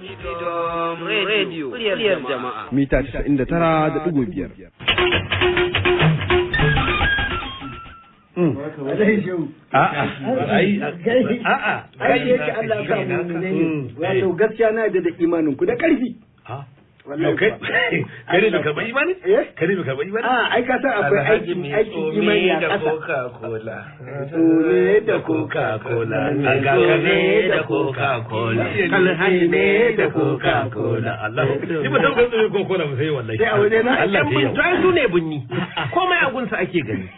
Freedom Radio, jama'a. Mita 99.5. A'a, a'a, a'a, gaskiya na da imanin ku da ƙarfi. kare eh? da karɓar imani? kare ah, da karɓar ai ka san akwai aikin imani a coca cola da coca cola da coca cola ne da coca cola Allah ba ko coca cola ba sai wallahi sai a waje na Allah ya yi su ne bunni komai a gunsa ake gani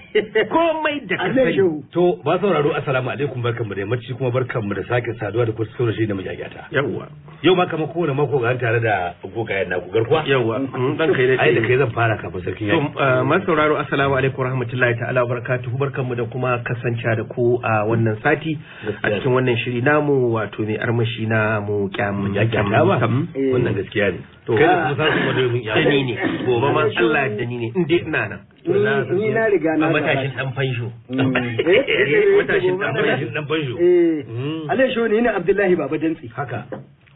komai da kasai to ba sauraro assalamu alaikum barkanmu da yammaci kuma barkanmu da sake saduwa da kusa saurashi da majagata yawwa yau ma kamar kowane mako ga tare da gogayen naku garkuwa yawwa mm, dan kai da ai da kai zan fara kafin sarkin yau to eh, ma sauraro assalamu alaikum rahmatullahi ta'ala barakatuhu barkanmu da kuma kasance da ku a wannan sati a cikin wannan shiri namu wato mai armashi na mu kyamu eh. wannan gaskiya ne to kai da kuma sa su da mun yayi ne gobe ma Allah da ni ne inde ina nan Mm, ni na riga na matashin dan fansho matashin dan fansho eh, mm. alai sho ne ni Abdullahi Baba Dantsi haka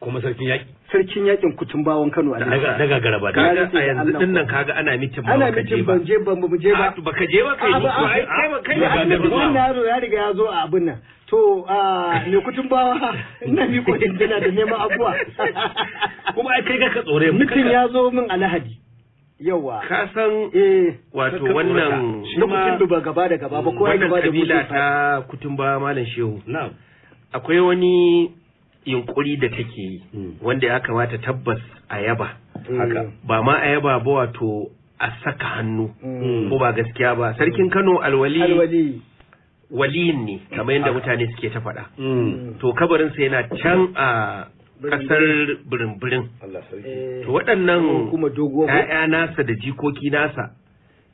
kuma sarkin yaki sarkin yakin kutun bawon Kano a daga daga garaba kaga a yanzu din nan kaga ana mitin ba ana mitin ban je ban mu je ba baka je ba kai ni ai kai ba kai ba na ya riga ya zo a abin nan to me kutun bawa ina miko dindina da neman abuwa kuma ai kai ga ka tsore mutum ya zo min a lahadi yawa ka san eh, wato wannan lokacin duba gaba da gaba ba kowa gaba da kabila ta kutumba malam shehu akwai wani yunkuri da take yi hmm. wanda ya kamata tabbas a yaba hmm. haka ba ma a yaba ba wato a saka hannu hmm. ko ba gaskiya ba sarkin Kano alwali waliyin ne kamar yadda mutane suke ta faɗa to kabarinsa yana can a kasar birin-birin eh. to waɗannan ‘ya'ya nasa da jikoki nasa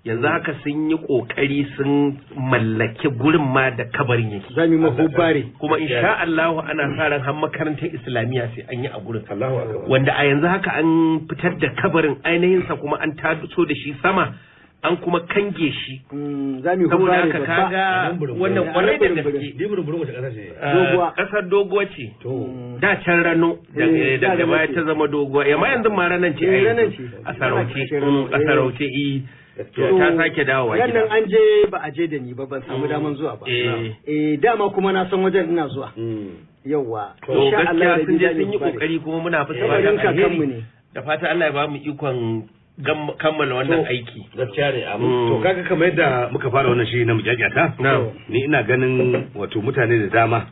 yanzu hmm. haka sun yi ƙoƙari sun mallaki gurin ma da kabarin yake zami mahubari kuma insha Allah ana sa ran har makarantar islamiyya sai an yi a gurin wanda a yanzu haka an fitar da kabarin ainihinsa kuma an taso da shi sama an kuma kange shi mm, saboda Ka kaga wannan kwarai da gaske kasar ah, doguwa ce mm. da can rano Da eh, baya ta zama doguwa yamma yanzu ma ranan ce eh, a sarauce mm, a sarauce i eh. ta sake dawowa gida yannan an je ba a je da ni ba ban samu daman zuwa ba eh dama kuma na san wajen ina zuwa yawa to gaskiya sun je sun yi kokari kuma muna fita ba da alheri da fata Allah ya ba mu ikon kammala wannan aiki gaskiya ne amma. Mm. to kaga kamar yadda muka fara wannan shi na mujayyata ni ina ganin wato mutane da dama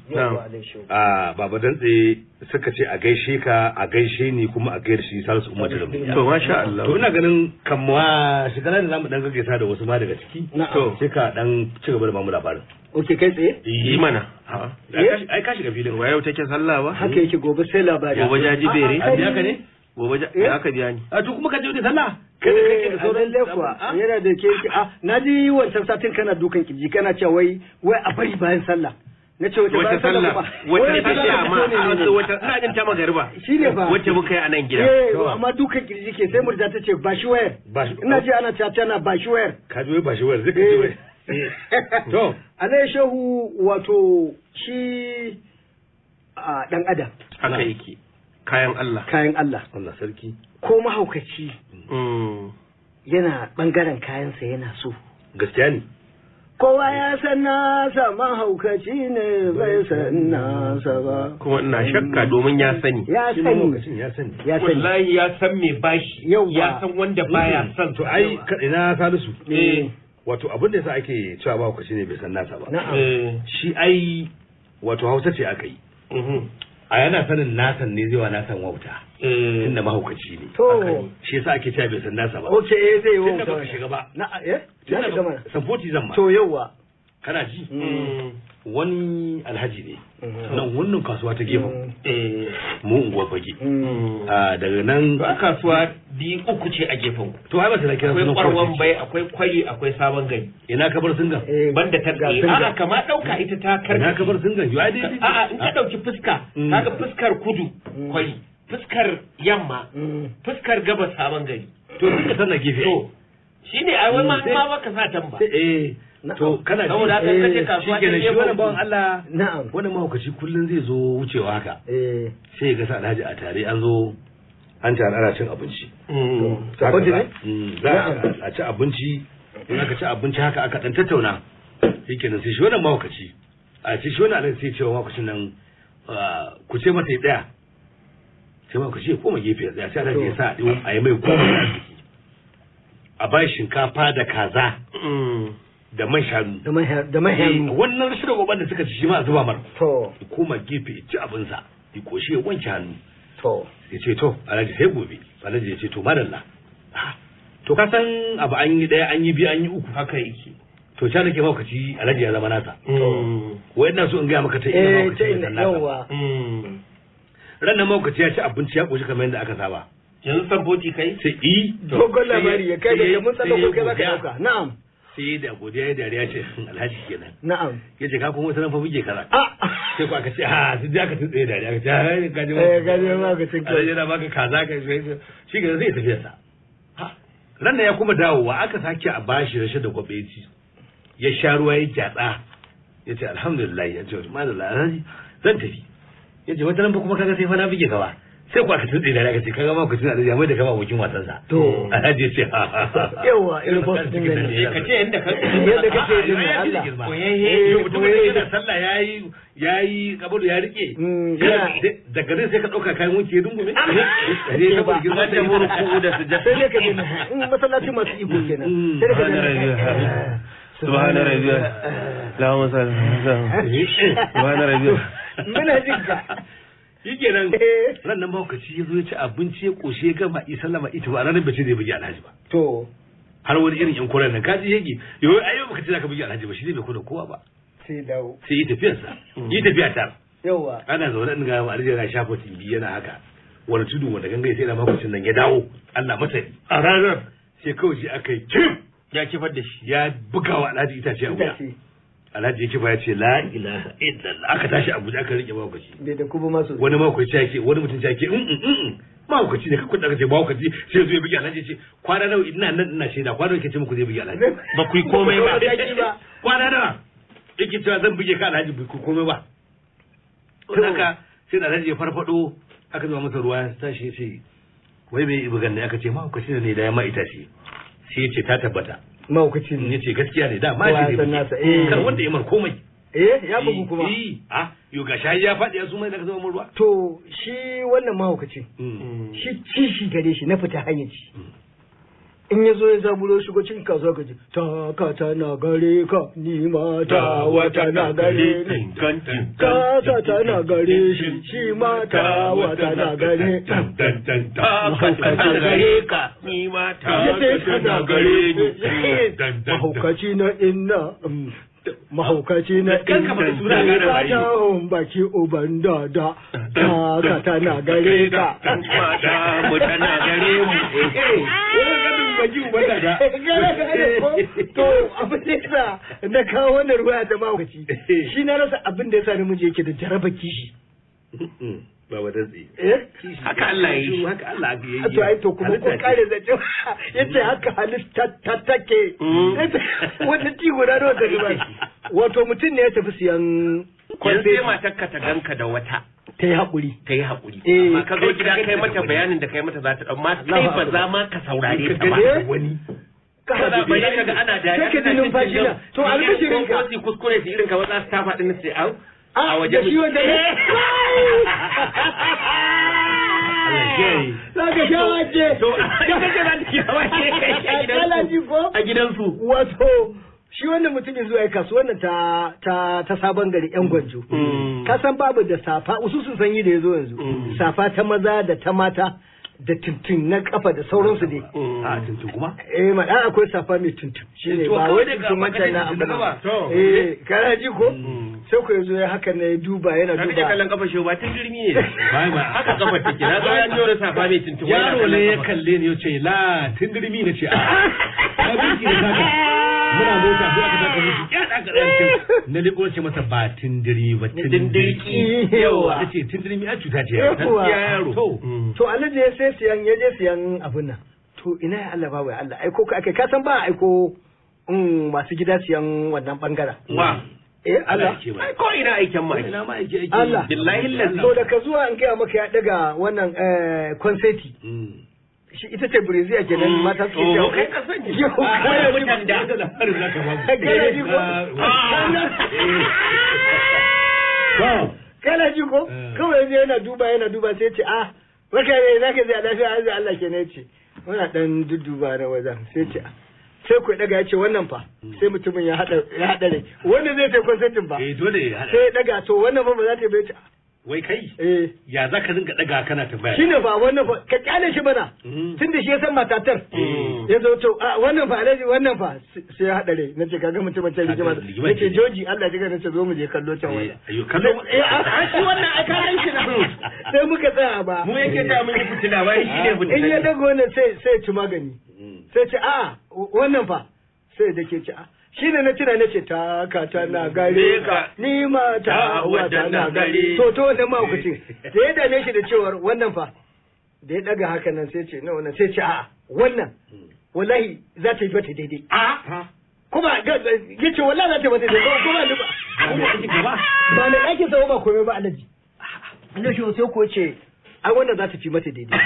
a baba dantse suka ce a gaishe ka a gaishe ni kuma a gaishe shi salisu umma da to masha Allah to ina ganin kamma shigala da zamu dan gaggaisa da wasu ma daga ciki to sai ka dan ci gaba da bamu labarin Oke kai tsaye? Yi mana. Ai ka shiga filin. Wa yau take sallah ba? Haka yake gobe sai labari. Gobe jaji bere. Ai ne? gobe za aka biya ni a to kuma ka je da sallah kada kake da eh, sauran lefuwa ah? yana da ke a ah, na ji wancan satin kana dukan kirji kana cewa wai wai a bari bayan sallah na ce wace bayan sallah wace sallah ma wace ina jin ta magariba shine ba. wace muka yi a nan gida eh amma dukan kirji ke sai murja ta ce ba shi wayar ina oh. ji ana ta tana ba shi wayar ka ji ba shi wayar zai ka ji wayar eh. eh. to alai shehu wato shi dan ah, adam haka yake kayan Allah kayan Allah Allah sarki ko mahaukaci mm. yana bangaren kayansa yana so gaskiya ne kowa ya san nasa mahaukaci ne bai san nasa ba kuma ina shakka domin ya sani ya sani ya sani wallahi ya san me bashi Yau ya san wanda baya mm. san to ai ina salisu eh. wato abin da yasa ake cewa mahaukaci ne bai san nasa ba eh. shi ai wato hausa ce aka yi mm-hmm. a yana sanin nasan ne zai wa nasan wauta eh. da mahaukaci ne to shi yasa ake cewa bai san nasa ba okay eh, zai yi wauta tunda baka shiga ba na eh na shiga mana san zan ma to yauwa kana ji mm. wani alhaji ne mm. nan wannan kasuwa ta gefen mm. eh. mu unguwar fage ah, daga nan ba kasuwa biyu uku ce a gefen ku to ai ba kira sunan akwai kwarwan bai akwai kwari akwai sabon gari ina ka bar singan eh, banda ta a kama dauka ita ta karka ina ka bar singan yo ai dai a in ka dauki ah. fuska kaga fuskar kudu kwari fuskar yamma fuskar gabas sabon gari to duka sanna gefe to shine ai wai ma ba ka sa tamba? eh to kana ji saboda haka kace eh, kasuwa ne shi wannan bawan Allah na'am wannan mahaukaci kullun zai zo wucewa haka eh sai ga sa alhaji a tare an zo an tare ana cin abinci mm. abinci ne mm, za a ci abinci in aka ci abinci haka aka dan tattauna shikenan sai shi wannan mahaukaci a ce shi wannan alhaji sai cewa mahaukacin nan ah, ku ce mata daya sai mahaukaci ya koma gefe ya sai da ya sa a yi mai koma a bai shinkafa da kaza mm. da man shanu da man shanu eh, wannan rashin goban da suka ci shi ma zuba mar to koma gefe ci abin sa ya koshi ya wanke hannu to ya ce to alhaji sai gobe alhaji ya ce to madalla ah, to ka san abu an yi daya an yi biyu an yi uku haka yake to ca nake ci alhaji ya zama nasa mm. wai ina so in gaya maka ta ina maukaci ya zama nasa nan maukaci ya ci abinci ya koshi kamar yadda aka saba yanzu sabboci kai sai i dogon labari ya kai da mun tsallon kai zaka dauka na'am sai da godiya ya dariya ce alhaji kenan na'am yace ka kuma sanan fa muke kaza ah! sai ku aka ce a ah, su da aka tsaye dariya aka ce ah, ai ka ji ma eh, ka ji ma ka cinka ai yana baka kaza ka shi ga zai tafi sa ran da ya kuma dawowa aka sake a bashi rashe da gwabeci ya sha ruwa ya gyada Yace alhamdulillah ya ma da lalaci zan tafi yace wata nan fa kuma kaga sai fa na bige gaba sai kwa ka da aka ce kaga ma ku tuna da jami'ai da kama abokin wasan sa to alhaji ce yawa irin ba su tun gani ka ce ka yadda ka ce din Allah ko yayi mutum da sallah yayi yayi kabaru ya rike da garin sai ka dauka kayan wanki ya dungume ne ka bar girma da mu ku da sujja sai ka bin mm. mm, masallaci masu iko kenan mm, sai ka سبحان ربي اللهم صل وسلم سبحان ربي من shikenan eh. ran nan mahaukaci ya zo ya ci abinci ya koshe ya gama isa lama ita ba ranar bace zai bugi alhaji ba to har wani irin yan koren nan kaji yake yau ayo baka ce zaka bugi alhaji ba shi zai bai da kowa ba sai dawo sai yi sa mm. yi tafiya ta yawa ana zaune in ga alhaji yana shafa tv yana haka wani tudu wanda gangai sai da makwacin nan ya dawo Allah masa a ranar sai kawai shi aka yi kim ya kifar da shi ya bugawa wa alhaji itace a wuya alhaji yake baya ya ce la ilaha illallah aka tashi abuja aka rike mahaukaci dai da kuma masu wani mahaukaci yake wani mutum yake in in mahaukaci ne kakun daga ce mahaukaci sai ya bugi alhaji ce kwana nawa ina nan ina shaida kwana nawa ke ce muku zai bugi alhaji ba ku yi komai ba kwana nawa yake cewa zan bugi ka alhaji ba ku komai ba to haka sai da alhaji ya farfado aka zuba masa ruwa ya tashi ya ce wai bai bugan ne aka ce mahaukaci ne da ya ma itace sai ya ce ta tabbata mahaukaci ne yace gaskiya ne da ma shi ne eh. kar wanda ya mar komai eh ya bugu eh, kuma eh ah yo ga shayi ya faɗi ya zuma mai daga zama ruwa to shi wannan mahaukaci mm. shi ci shi gare shi na fita hanyaci. in ya ya zaburo shigo cikin kasuwa ka ta ka ta na gare ka ni ma ta wata na gare ni ta na gare shi shi ma ta wata na gare ka ta na gare ka ni ma ta wata na gare ni mahaukaci na inna mm, mahaukaci na ɗin baki uban da da ta ka na gare ka na gare mu ba ji uban daga to abin da yasa na kawo wannan ruwa ta mawuci shi na rasa abin da yasa namiji yake da jaraba kishi ba wata tsi eh, haka Allah yi haka Allah ya yi to ai to kuma ko kare zace yace mm. haka halitta ta take mm. wata ti guda da wata riba wato mutum ne ya tafi siyan yanzu sai matar ka ta ganka da wata ta yi haƙuri ta yi haƙuri eh ka zo gida kai mata bayanin da kai mata za ta ɗan kai ba za ma ka saurare ta ba wani kana ba ya ga ana da kake da na to ka ko kuskure su irin ka wata ta faɗi na sai au ah, a wajen shi wanda ne eh! Zaka sha wace. To, a gidan su. Wato, shi wannan mutumin zuwa ya kasuwar nan ta ta sabon gari yan gwanjo mm. Mm. ka san babu da safa sun sanyi da yazo yanzu mm. safa ta maza da ta mata da tuntun na kafa da sauransu ne. Mm. A tuntun kuma? Eh ma dan ah, akwai safa mai tuntun. Shi ne ba wani tuntun wancan na abu ba. Eh kana ji ko? Mm. Sai ku yanzu ya haka na duba yana duba. Kaje kallon kafa shi ba tun jirmi ne. Ba ba haka kafa take. Na ga an jore safa mai tuntun. Yaro ne ya kalle ni ya ce la tun jirmi ne ce a. Ka bi ki da muna mota sai aka saka mutu ya da ka na liko ce masa ba tindiri ba tindiri yawa tace tindiri mi a cuta ce ya yaro to mm. to ya sai siyan ya je siyan abin nan to ina ya Allah babu ya Allah aiko ka kai ka san ba aiko mm, masu gida siyan wannan bangaren wa eh Allah ai ko ina aikin ma ina ma aiki aiki Allah billahi lillahi to da ka zuwa an gaya maka ya daga wannan eh mm. shi ita ce Brazil kenan mm. mata su ke kai ka sani yo kai mutan da labarin zaka ba kana ji ko ah, ah! Eh. kawai yana duba yana duba sai ce ah maka ne za ka zai lafiya an zai Allah ke ne ce muna ɗan dudduba na wajen sai ce sai ku daga ya ce wannan fa hmm. sai mutumin ya haɗa ya haɗa ne wanda zai tafi kwasatin ba eh, sai daga to wannan ba ba za ta yi bai ce wai kai eh ya za ka rinka daga kana tambaya shine ba wannan fa ka kyale shi bana mm-hmm. tunda shi ya san matatar mm-hmm. ya zo to wannan fa alaji wannan fa sai ya hadare nace kaga mutum ta rigima nace joji Allah ya ga nace zo mu je kallo can waya eh, ayo kallo eh a shi wannan a kallon shi na sai muka tsaya ba mu yake da mun fitina ba shi ne fitina in ya dago wannan sai sai ci magani mm. sai ce a wannan fa sai da ke ci a shi ne na tuna ta ce ta na gare ka ni ma ta na gare to to wannan ma ku ce da ya dame shi da cewar wannan fa da ya daga haka nan sai ce na wannan sai ce a wannan wallahi za ta yi bata daidai a kuma ya ce wallahi za ta yi bata daidai kuma ni ba ba na ɗakin sa ba komai ba alaji Allah shi sai ko ce ai wannan za ta fi mata daidai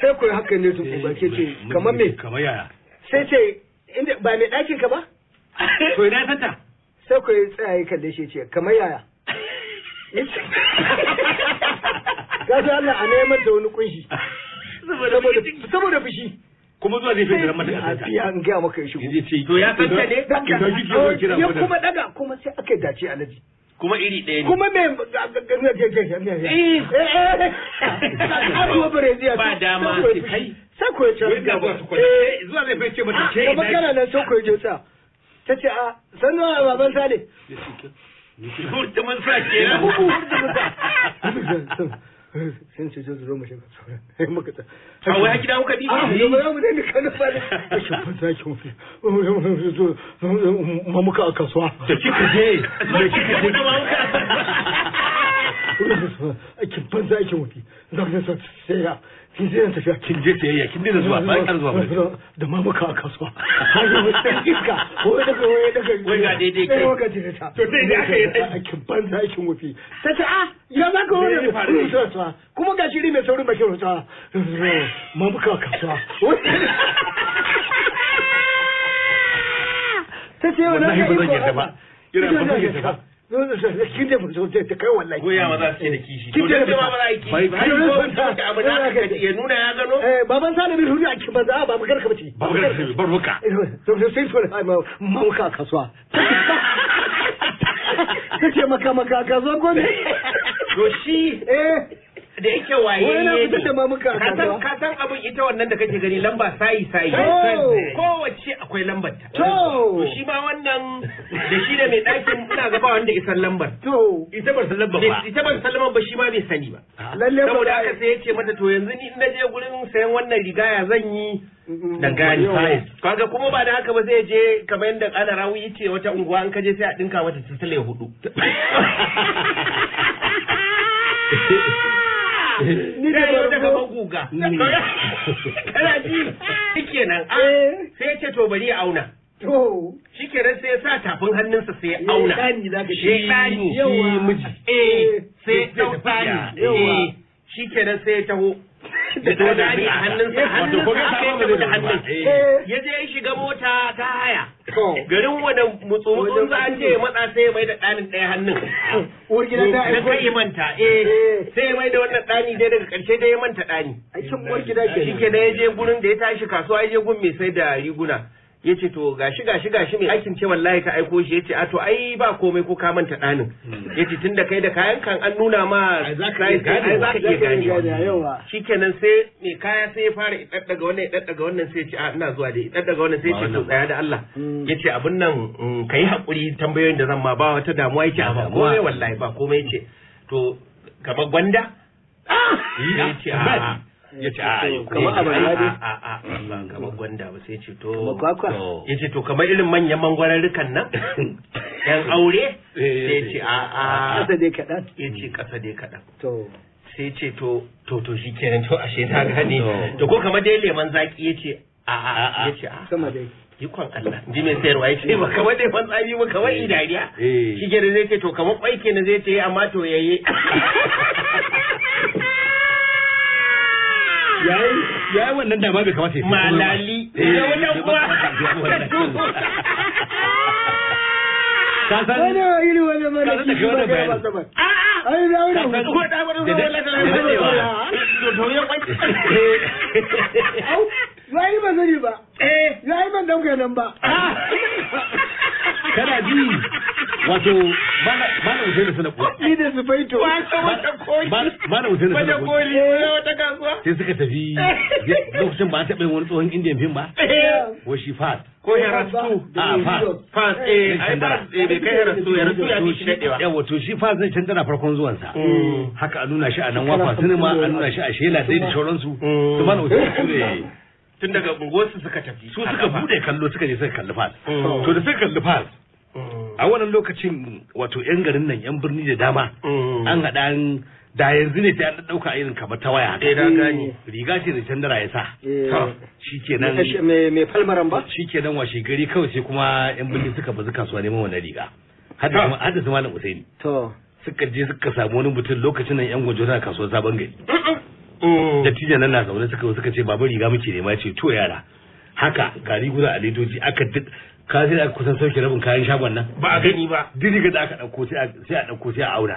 sai ku haka ne su ku ba ke ce eh, kamar me kamar yaya sai ce inda ba mai ɗakin ka ba to ina sata sai ku yi kalle shi ce kamar yaya gashi Allah a neman da wani kunshi saboda fushi kuma zuwa zai fi jiran mata a tafiya an gaya maka ya shigo to ya kanta ne ya kuma daga kuma sai aka dace alaji kuma iri ɗaya ne kuma mai eh. ba dama ce eh. ina nan ta ce a sannu a baban sale Shihur da man sa ke nan. Sun ce zo mu shiga sauran. gida bi? A yau mu dai kanu ki mu. Mu muka a kasuwa. Da kika je. Da kika je. Ake banza ake wuti. sai ya. kin je tafiya kin je sayayya kin dena zuwa ba kar zuwa ba da ma muka a kasuwa har yi wata iska ko da ko ya daga wai ga daidai kai ko ka tire to sai da aka yi aikin banza aikin wufi ta ta a ah, ya za ka ne faru da kuma ga shiri mai saurin bakin rutsa ma muka kasuwa ta ce wani ba zan yarda ba ina ba zan yarda ba kin da mutum sai ta kai wallahi goya ma za su ce da kishi kin da ba ba aiki bai bai ko abu da ka ya nuna ya gano eh baban salami huri a kin banza ba magar ka bace ba magar ka bar ruka eh, to sai to ai ma muka kasuwa kace maka maka kasuwa ko ne to shi eh da yake waye ne ne ka san ka san abin ita wannan da kake gani lamba sayi sayi kowace akwai lambar ta to shi ba wannan da shi da mai ɗakin ina gaba wanda ke san lambar to ita ba san lambar ba ita ba san lambar ba shi ma bai sani ah, ba saboda haka sai yake mata to yanzu ni na je gurin sayan wannan rigaya zan yi da gani kaga kuma ba da haka ba zai je kamar yadda ana rawu yace wata unguwa an kaje sai a dinka mata sisile hudu ni da ba daga ba kana ji shikenan ah, eh. sai ce to bari ya auna to shikenan sai ya sa tafin hannunsa sai ya auna shedani zaka eh sai eh, eh, shikenan sai ya taho da tsanani a hannunsa a hannunsa aka hannun eh. Eh. ya je ya shiga mota ta haya garin wanda mutsumutsun za a ce matsa sai ya mai da ɗanin ɗaya hannun da ta yi manta eh. eh sai ya mai da wannan ɗani dai daga ƙarshe dai ya manta ɗani shi ke da ya je gurin da ya tashi kasuwa ya je gun mai sai da riguna yace to gashi gashi gashi mai aikin ce wallahi ka aiko shi yace a to ai ba komai ko ka manta danin hmm. yace tunda kai da kayan kan an nuna ma ai za ka iya gani shikenan sai mai kaya sai ya fara daddaga wannan daddaga wannan sai ya ce a ina zuwa dai daddaga wannan sai ya ce to tsaya da Allah hmm. yace abin nan mm, kai hakuri tambayoyin da zan ma ba wata damuwa yace ba komai wallahi ba komai yace to kamar gwanda ah yace a ya ce a kamar a ba kamar gwanda ba sai ce to ya ce to kamar irin manyan rikan nan yan aure eh, sai ce a a kasa dai kaɗan ya ce kasa dai kaɗan sai ce to to to shi kenan to ashe na gane to ko kamar dai leman zaki ya ce a a ya ce a sama dai ikon Allah ji mai sayarwa ya ce ba kamar dai wani tsami ba kamar idariya eh. shi gari eh. zai ce to kamar kwai kenan zai ce amma to yayi ya yi wannan dama bai kamata ya malali eh, ya wannan kuma ka san wani iri wani mara ba da wani ko da wani kana ji wato mana hussein suna kuwa ni da zubaito wata wata koli mana hussein suna kuwa koli na wata kasuwa sai suka tafi lokacin ba an taɓa yin wani tsohon indian fim ba ko eh. shi fat ko herastu a ah, fat fat eh ai eh, fat eh bai kai herastu herastu ya fi shi daɗewa yawa to shi fat zai canza farkon zuwansa eh. haka a nuna shi a nan wafa sinima a nuna shi a shela sai da sauransu to mana hussein su ne tun daga unguwarsu suka tafi su suka bude kallo suka je suka kalli fal oh. to da suka kalli fal oh. a wannan lokacin wato yan garin nan yan birni da dama oh. an haɗa an da yanzu ne sai an ɗauka irin kamar ta waya eh, gani. riga ce da candara ya sa eh. shikenan me falmaran ba shikenan washe gari kawai sai kuma yan birni suka bazu kasuwa neman wannan riga hadda ah. su malam usaini to suka je suka samu wani mutum lokacin nan yan gwajo na kasuwar sabon gari Mm. dattijan nan na zaune suka suka ce babu riga muke nema ce to yara haka ga riguna a ledoji aka ka sai aka kusan sauke rabin kayan shagon nan ba a gani ba duk riga da aka dauko sai a dauko sai a auna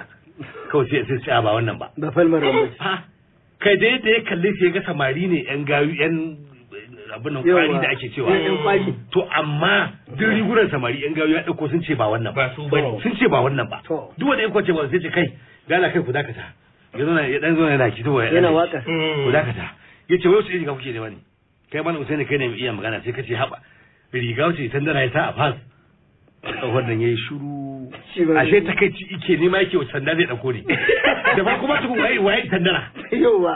kawai sai sai sai ba wannan ba ba falmar ba kai da yadda ya kalli sai ga samari ne yan gayu yan abin nan kwari da ake cewa to amma duk riguran samari yan gayu ya dauko sun ce ba wannan ba sun ce ba wannan ba duk wanda ya kwace ba sai ce kai gala kai ku zaka ta ya zo ya dan zo yana ki duba yana waka ko dakata yace wai su riga kuke ne wani kai malam Usaini kai ne mai iya magana sai kace haba riga ce tandana ya sa a fas tsohon nan yayi shiru ashe takaici ike ne ma yake wa sanda zai dauko ne da farko ma tukun wai wai tandana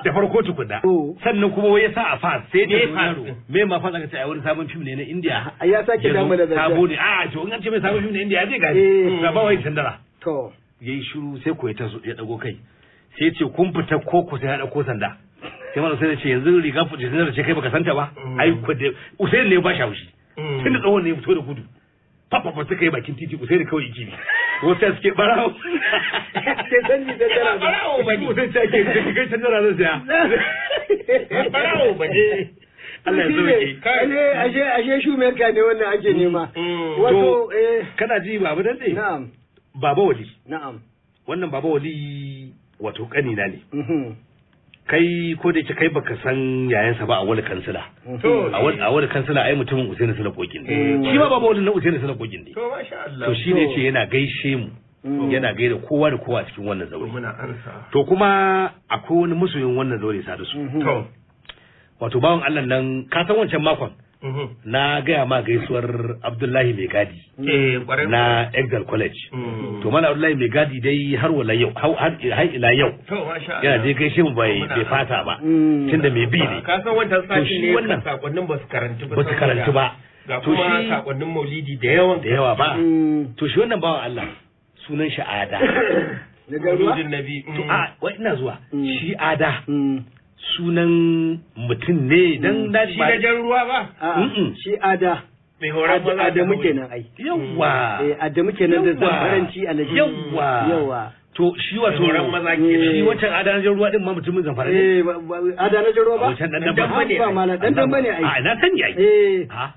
da farko tukun da oh. sannan kuma wai ya sa a fas sai da yaro me ma fa zaka ce ai wani sabon film ne na India ya sake damu da zaka sabo ne a ah, to in an ce mai sabon film na India ya je gani eh. ba wai tandana to yayi shiru sai ko ya tazo ya dago kai sai ce kun fita ko ku sai ya ko sanda sai mana sai ce yanzu riga fice sai ce kai baka santa ba mm. ai ku da usaini ne ba shi haushi mm. tunda tsohon ne ya fito da gudu papa ba suka yi bakin titi da kawai yake ne wasu suke barawo ke san ni da dara barawo ba ne wasu suke da kai san dara barawo ba ne Allah ya sauke. Ashe ashe shumerka ne wannan ake mm. nema. Wato eh kana ji babu dande. Na'am. Baba Wali. Na'am. Wannan Baba Wali wato kanina ne mhm. kai ko da kai baka san yayansa ba a wani kansila mhm. a wani kansila ai mutumin Usaini suna Kokin ne eh, shi ma baba wannan Usaini suna Kokin ne to shi Allah to ce yana gaishe mu mm. yana gaida kowa da kowa cikin wannan zaure to kuma akwai wani musuyin wannan zaure sa da su mm-hmm. wato bawan Allah nan ka san wancan makon Mm-hmm. na gaya ma gaisuwar abdullahi mai gadi eh, na exal college mm-hmm. to mana abdullahi mai gadi dai har wala yau har ila yau yana dai gaishe mu bai fata ba mm. tunda mai bi ne ka san wannan ne wannan sakonnin ba su karantu ba su ba ga kuma sakonnin maulidi da yawan da yawa ba mm. to shi wannan bawan Allah sunan shi ada na garuwa mm. to a ina zuwa shi ada sunan mutum ne don hmm. da shi da jan ruwa ba shi ada mai horon maza ada muke nan ai yawa hmm. eh ada muke nan da zamfaranci a Najeriya yawa yawa to shi wato ran maza eh. ke shi wancan jan ruwa din ma mutumin zamfara ne eh jan ruwa ba wancan dan dan ba ne ba dan dan bane ai a na sani ai eh ah.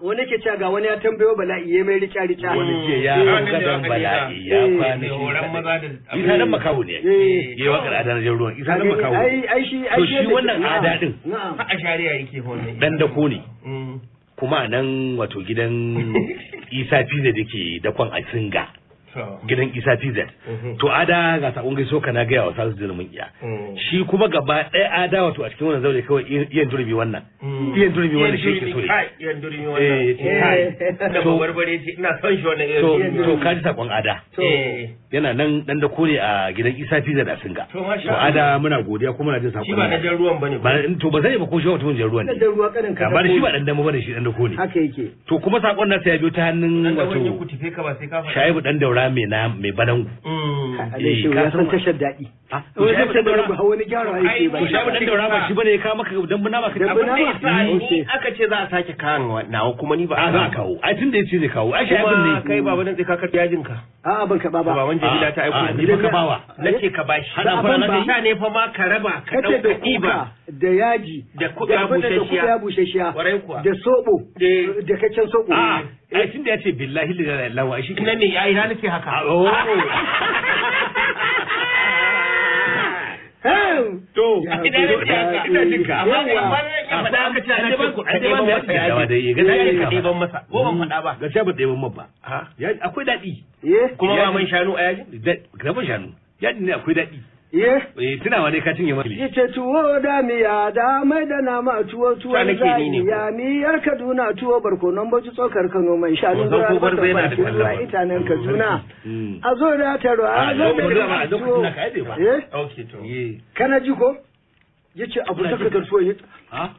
wani ke cewa ga wani ya tambayo bala'i ya mai rica rica wani ke mm. ya gadon bala'i ya eh. kwana shi horan isa nan makawo ne eh. yayi wa kada dan ruwan isa nan eh, makawo ai shi wannan ada din a shari'a yake dan ne mm. kuma nan wato gidan isa da dake dakon a singa gidan isa tz mhm. to ada ga sakon gaiso kana gaya wa salisu da mun iya mm. shi kuma gaba ɗaya ada wato a cikin wannan zaure kawai iyan durbi wannan mm. iyan durbi wannan shi ke so iyan durbi wannan da barbare ce ina son shi wannan iyan to kaji sakon ada eh. yana nan dan da kore a gidan isa pz a singa to ada muna godiya kuma na jin sakon shi ba na jan ruwan bane ba to ba zai ba ko shi wato jan ruwan ne ruwa kanin ka ba shi ba dan mu bane shi dan da kore haka yake to kuma sakon sai ya biyo ta hannun wato shaibu dan daura mai na mai balangu. Mm. Eh, ka san tashar daɗi. Wani zai daura ba wani gyara yake ba. Shabu dan daura ba shi bane ya kawo maka dambu nama ka dambu nama. Aka ce za a sake kawo nawa kuma ni ba a za kawo. A tun da yace zai kawo. Ai shi ne. Kai baba nan sai ka karbi yajin ka. A'a ban kaba ba. Baban jarida ta aiko ni ka bawa. Nace ka bashi. Ana fara na sha ne fa ma ka raba ka dauka iba. Da yaji. Da kuka bushashiya. Da sobo. Da kaccen sobo. Eh. Ai tun da yace billahi lillahi lawa shi. Ina ne ai na nake haka. to ya ka ka ka ka akwai daɗi kuma ba man shanu a yaji shanu yaji ne akwai daɗi Eh? eh tunawa ne ka cinye mali. Ita tuwo da miya da mai da nama tuwo tuwo zani ya miyar Kaduna tuwo barkonon ci tsokar Kano mai shanu da albar da itanen mm. Kaduna. Mm. A zo da ruwa. a zo da tuwo. Eh? eh? Kana ji ko? Yace abu saka garsuwa. Ha?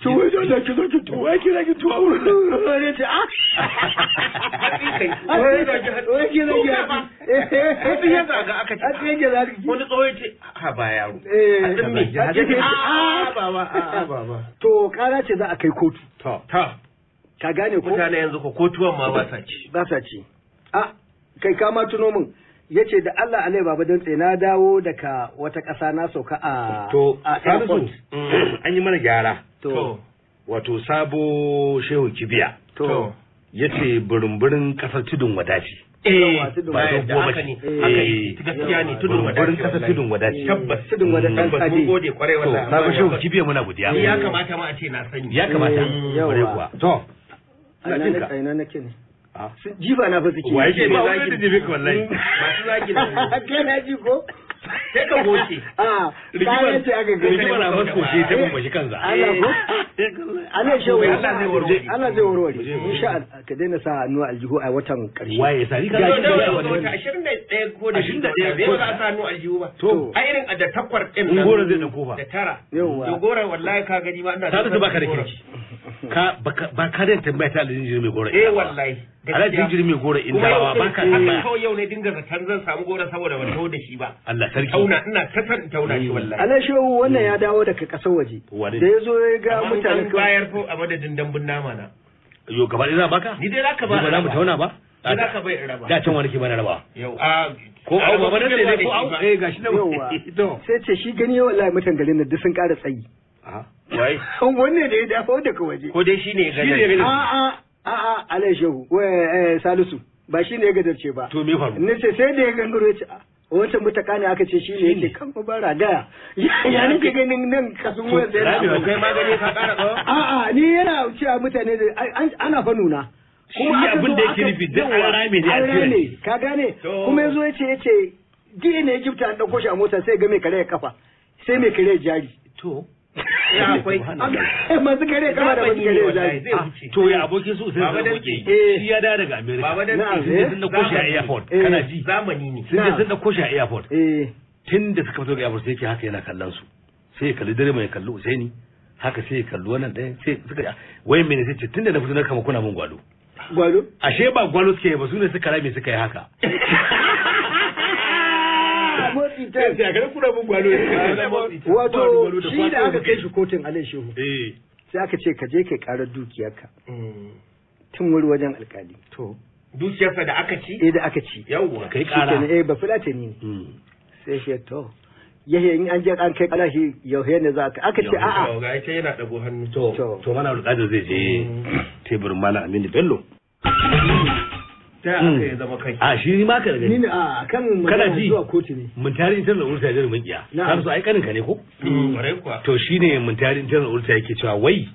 ki wai da ki zo ki tuwa ki rage tuwa wurin ne ce a ah! wai da ki hado ki wani tsawo ya ki? ha ah, ba yaro eh dan me ya ce baba baba to kara ce za a kai kotu ta ka gane ko mutane yanzu ko kotuwan ma ba sa ah, kai ka ma ya ce da Allah alai baba dantse na dawo daga wata ƙasa na sauka a to an yi mana gyara to wato sabo shehu kibiya to ya ce burin ƙasar tudun wadaci eh bayan da ne haka ne eh. ne tudun wadaci ƙasar tudun wadaci tabbas tudun mun shehu kibiya muna eh, ya ma ce na eh, kuwa to ina ne jifa na fa ba wani jibe wallahi masu na na ji ko ka goce ah, a ce aka na shi ta eh, Allah ko eh. Allah shi wai Allah zai warware Allah zai warware insha Allah ka daina sa hannu aljihu a watan karshe waye sari ka da wata 21 ko 21 ko sa aljihu ba to a irin da takwar din nan gora da tara gora wallahi ka gani ma ina da da ka ba ka da tambaya ta eh, alhaji mai gora eh wallahi alhaji mai gora in ba ba ka tambaya ko yau ne dinga zaton zan samu gora saboda ban tawo da shi ba Allah sarki tauna ina ta san tauna shi wallahi alhaji shehu wannan ya dawo daga kasar waje da yazo ya ga mutane ka bayar ko a madadin dambun nama na yo gaba da baka ni dai zaka ba ba za mu tauna ba za ka bai raba da can wani ke bana raba yau a ko au ba bana ne ko au eh gashi nan to sai ce shi gani wallahi mutan garin nan duk sun ƙara tsayi wai wanne da ya dafa daga waje ko dai ya a a a alai shehu eh, salisu ba ya ba to me faru nace sai da ya gangaro ya ce ah, mutaka ne aka ce shi ne yake kan bara ragaya ya nake ganin nan na. kai magani ka kara a'a ni yana a mutane da ana fa nuna kuma abin da yake duk a cikin ka gane kuma yazo ce ce duk ne Egypt an dauko shi a mota sai ga mai kare kafa sai mai kare jari ya akwai masu kare kama da masu kare wallahi zai wuce to ya abokin su sai zai wuce eh. shi ya da daga america baba dan eh. sun da koshi a airport eh, kana ji zamani ne sun sun da koshi airport tun da suka fito ga airport sai yake haka yana kallon su sai ya kalli dare mai kallo Usaini haka sai ya kalli wannan ɗayan sai suka wai mene sai ce tun da na fito na kama kuna mun gwalo gwalo ashe ba gwalo suke ba su ne suka rame suka yi haka 2010 eh, eh, eh, wato shi da aka kai shi kotun alai sai aka ce ka je kai karar dukiyarka mm. tun wuri wajen alkali to dukiyarsa da aka ci eh da aka ci yawwa kai kara eh ba fulata ne mm. sai shi to yahe in an je an kai kala shi yahe ne za ka aka ce a'a ga ita yana dago hannu to to mana alƙadi zai je mm. teburin mala Aminu Bello ta mm. aka ya zama kai a shi ni ma ka gani Ni a kan kana ji zuwa kotu ne muntarin tarla ursa da mun kiya kan su ai kanin ka ne ko mm, mm. to shine muntarin tarla ursa yake cewa wai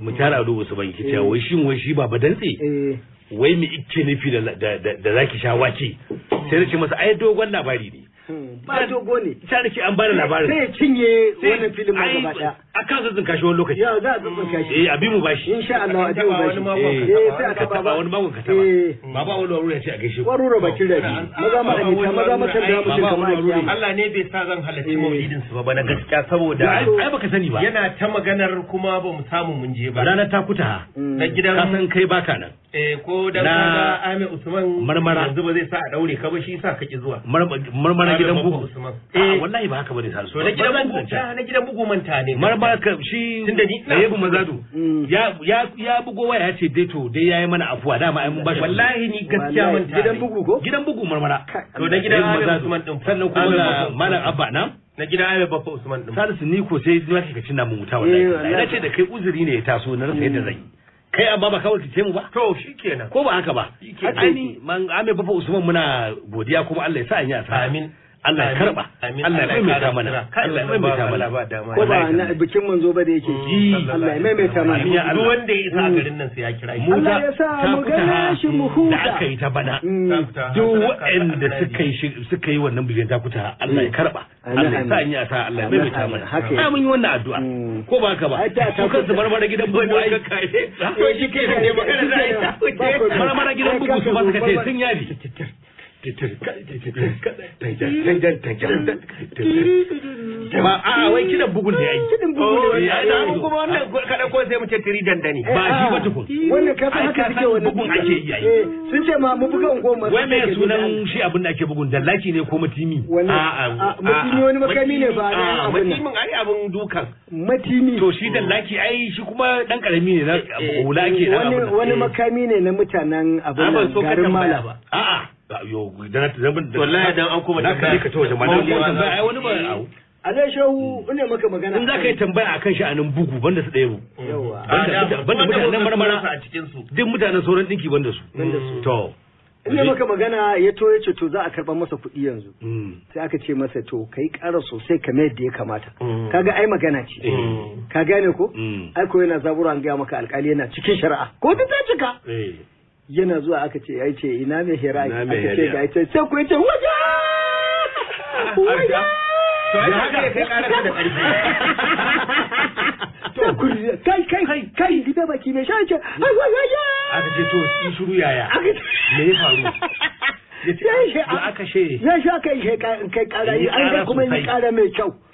mutara ado usman yake cewa wai shin wai shi ba dantse eh. wai mu ikke nufi da da zaki sha wake sai ce masa ai dogon labari ne ba dogo ne ta da ke an bada labarin sai cinye wannan filin ma gaba daya a kan zan kashi wani lokaci ya za a zan kashi eh abi mu bashi insha Allah abi mu bashi eh sai aka taba wani magon ka taba baba wani warura ya ce a gaishe warura eh. bakin rabi maza ma ne ta maza ma san da mu kamar Allah ne bai sa zan halarci eh. maulidin su ba na gaskiya saboda ai baka sani ba yana ta maganar kuma ba mu samu mun je ba ranar takuta mm. na gidan ka san kai baka nan eh ko da na Ahmed Usman marmara yanzu ba zai sa a daure ka ba shi sa kake zuwa marmara gidan bugu eh wallahi ba haka bane salisu na gidan bugu na gidan bugu manta ne mar ba ka shi tunda ni na yabu mazadu mm. ya ya ya bugo waya ya ce dai to dai yayi mana afuwa dama ai mun ba shi wallahi ni gaskiya manta gidan bugu ko gidan bugu marmara to na gidan mazadu sannan kuma malam abba na na gida ai babba Usman din Salisu ni ko sai zuwa kika cinna mun wuta wallahi eh, na ce da kai uzuri ne ya taso na rasa yadda zai mm. kai amma ba kawai ce mu ba to shikenan ko ba haka ba ani man ame babba Usman muna godiya kuma Allah ya sa an yi amin Allah ya karba Allah ya maimaita mana Allah ya maimaita mana ko ba na bikin manzo ba da yake Allah ya maimaita mana duk wanda ya isa garin nan sai ya kira shi Allah ya sa mu gane shi mu huta da kai ta bana duk wanda suka yi suka yi wannan ta kuta Allah ya karba Allah ya sa an yi asa Allah ya maimaita mana haka mun yi wannan addu'a ko ba haka ba ko kan su barbara gidan bugu ai ko shi ke ne magana da ita ko barbara gidan bugu su ba suka ce sun yabi ma a wai kidan bugun ne ai kidan bugun ne ai da mun kuma wannan kada ko sai mu ce tiri dandani ba shi ba tukun wannan ka san haka suke wannan bugun ake yi ai eh, sun ce ma mu bugan ko mu wai me sunan shi abin da ake bugun dallaki ne ko matimi a a matimi wani makami ne ba a matimin ai abin dukan matimi to shi dallaki ai shi kuma dan karami ne na wula eh, ake wani wani eh. makami ne na mutanen abin garin mala ba a'a yo dan dan wallahi dan an koma tambaya ka ta waje malam tambaya ai wani ba alai shehu ina maka magana in zaka yi tambaya akan sha'anin bugu banda su ɗaya yawa banda mutanen marmara a cikin su duk mutanen sauran dinki banda su banda su to ina maka magana ya to ya ce to za a karɓar masa kuɗi yanzu mm. sai aka ce masa to kai ƙara sosai kamar yadda ya kamata mm. kaga ai magana ce eh. ka gane ko mm. ai ko yana zabura an gaya maka alƙali yana cikin shari'a ko duk ta cika eh. yana zuwa aka ce ya ce ina mai hira aka ce ga ce sai ku ce waje waje kai kai kai kai gida baki mai shan ce ai waje aka ce to shi shuru yaya me ya faru ya aka yi kai kara yi an ga kuma yi kara mai kyau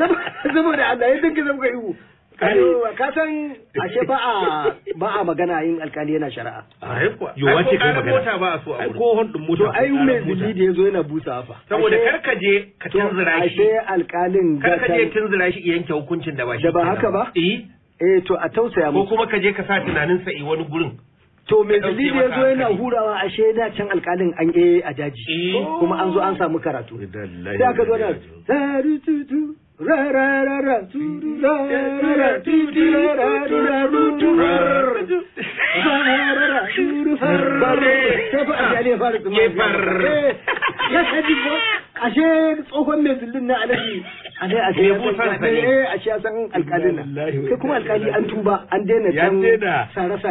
saboda Allah ya dinka zama ihu ka san ashe ba a ba a magana yin alkali yana shari'a ai kuwa yo wace kai magana mota ba a so a ko hondin mota to ai mai zuli da yazo yana busa fa saboda kar ka je ka tunzura shi ashe alkalin ga karka je tunzura shi yanke hukuncin da ba shi da ba haka ba eh. eh to a tausaya mu ko kuma ka je ka sa tunanin sa wani gurin to me dalili ya zo yana hurawa ashe shaida can alkalin an yi a daji eh. kuma an zo an samu karatu sai aka zo da ra ra ra ra tu ra ra an an daina dan sare ba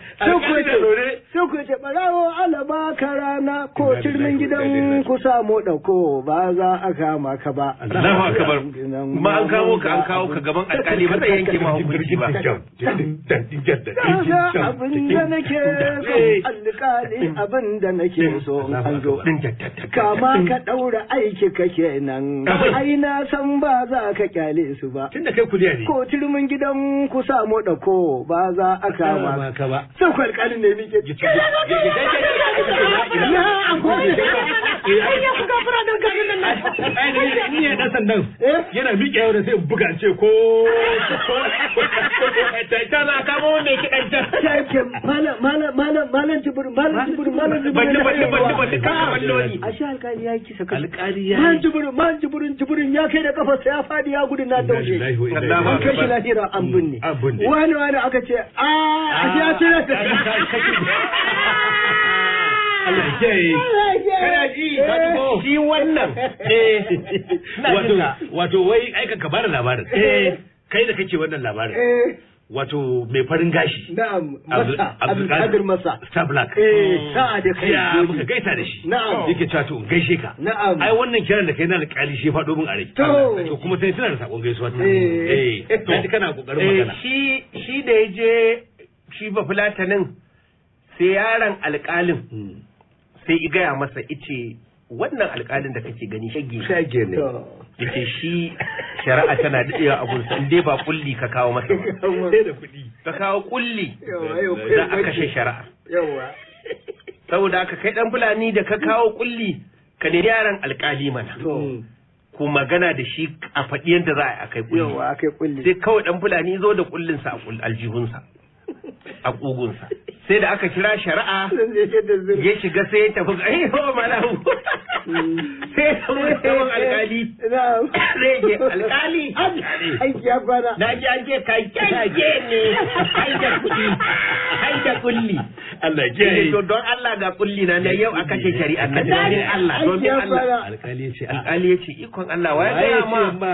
Sai ku ce ɓarawo alaba ka rana ko turmin gidan ku samu ɗauko ba za a kama ka ba. Allahu akabar. Ma an kawo ka an kawo ka gaban alƙali ba zai yanke ma hukunci ba. Abin da nake so alƙali abin da nake so an zo. Kama ka ɗaura aiki kake nan. Ai na san ba za ka kyale su ba. Tunda kai ku ne. Ko turmin gidan ku samu ɗauko ba za a kama ka ba. yau alƙalin ne mike da garin ya yana mike yau da sai buga ce ko ta kamo ne ki dan malam malam malam malam jibir malam jibir malam jibir balle balle balle ka a shi alƙali ya kisa kan alƙali ya malam jibir malam jibir jibirin ya kai da kafarsa ya fadi ya gudu na daushe an kai shi lahira an binne wani wani aka ce a a ya ce shi wannan wato wai aika ka bada labarin kai da kake wannan labarin wato mai farin gashi na'am abdulkadir masa star black sa'a da kai ya muka gaita da shi na'am yake cewa to gaishe ka na'am ai wannan kiran da kai na alƙali shi faɗo min a rai to kuma sai tana da sakon gaisuwa eh to kana kokarin magana shi shi da yaje shi ba fulatanin sai yaron alƙalin hmm. sai i gaya masa ice wannan alƙalin da kake gani shage shage ne yace shi shari'a tana dadewa a gurin sai dai ba kulli ka kawo masa ka kawo kulli da aka kashe shari'a saboda aka kai dan fulani da ka kawo kulli ka ne yaran alƙali mana hmm. ku magana da shi a faɗi yadda za a kai kulli sai kawai dan fulani zo da kullinsa a aljihunsa a ƙugunsa sai da aka kira shari'a ya shiga sai ya tafi ai ho malahu sai ya tafi tsawon alƙali sai ya alƙali aiki ya bana na ji an ce ka kyanje ne ai da kuɗi ai da kulli Allah ya yi. to don Allah ga kulli na ne yau a kashe shari'a na don Allah don Allah alƙali ya ce alƙali ya ce ikon Allah waya ga ma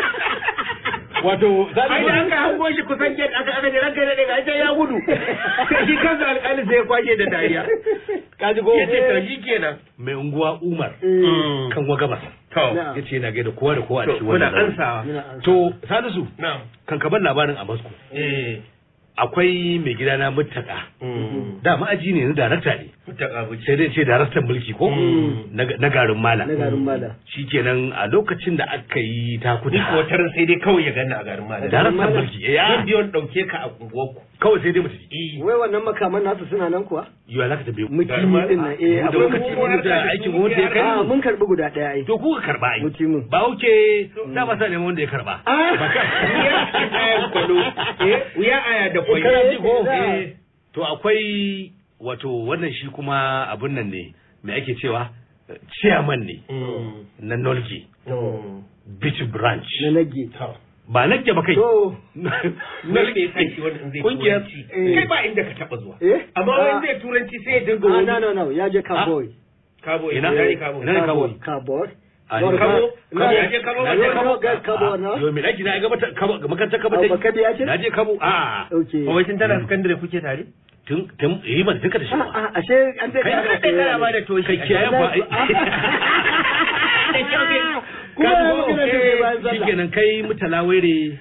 wato ai an ga hango shi kusan gate aka aka jira kai daga ita ya gudu sai shi kansa alƙali sai ya kwashe da dariya kaji go yace ta shi kenan mai unguwa Umar mm. kan wa gaba to yace yana gaida kowa da kowa a cikin wannan kuna ansa. to Salisu na'am kan kaban labarin a Moscow eh akwai mai gida na mutaka mm. da ma'aji ne na darakta ne sai dai ce daraktan mulki ko mm. na garin mala shi kenan a lokacin da aka yi takuta ni kuwa sai dai kawai ya ganna a garin mala daraktan mulki ya biyon dauke ka a unguwarku kawai sai dai mu tafi eh. wai wannan makaman nasu suna nan kuwa lakata zaka tafi mutum din nan eh akwai lokaci mun da aiki wanda ya kai ah, mun karbi guda daya ai to kuka karba ai mutum ba wuce da ba sa neman wanda ya karba ah! ba ka ya kwalo eh ya aya da kwai kana ji ko eh. Eh. to akwai wato wannan shi kuma abun nan ne me ake cewa chairman ne mm. na Nolge mm. bitch Branch na Nolge ba nake ba kai to na ne sai ki wannan zai turanci eh. kai ba inda ka taba zuwa eh? amma wani ah. zai turanci sai ya dinga ah, wani no no no ya je ah, cowboy cowboy ina ne cowboy ina cowboy cowboy kabo kabo kabo kabo kabo kabo kabo kabo kuma ya magana bayan kai mutala were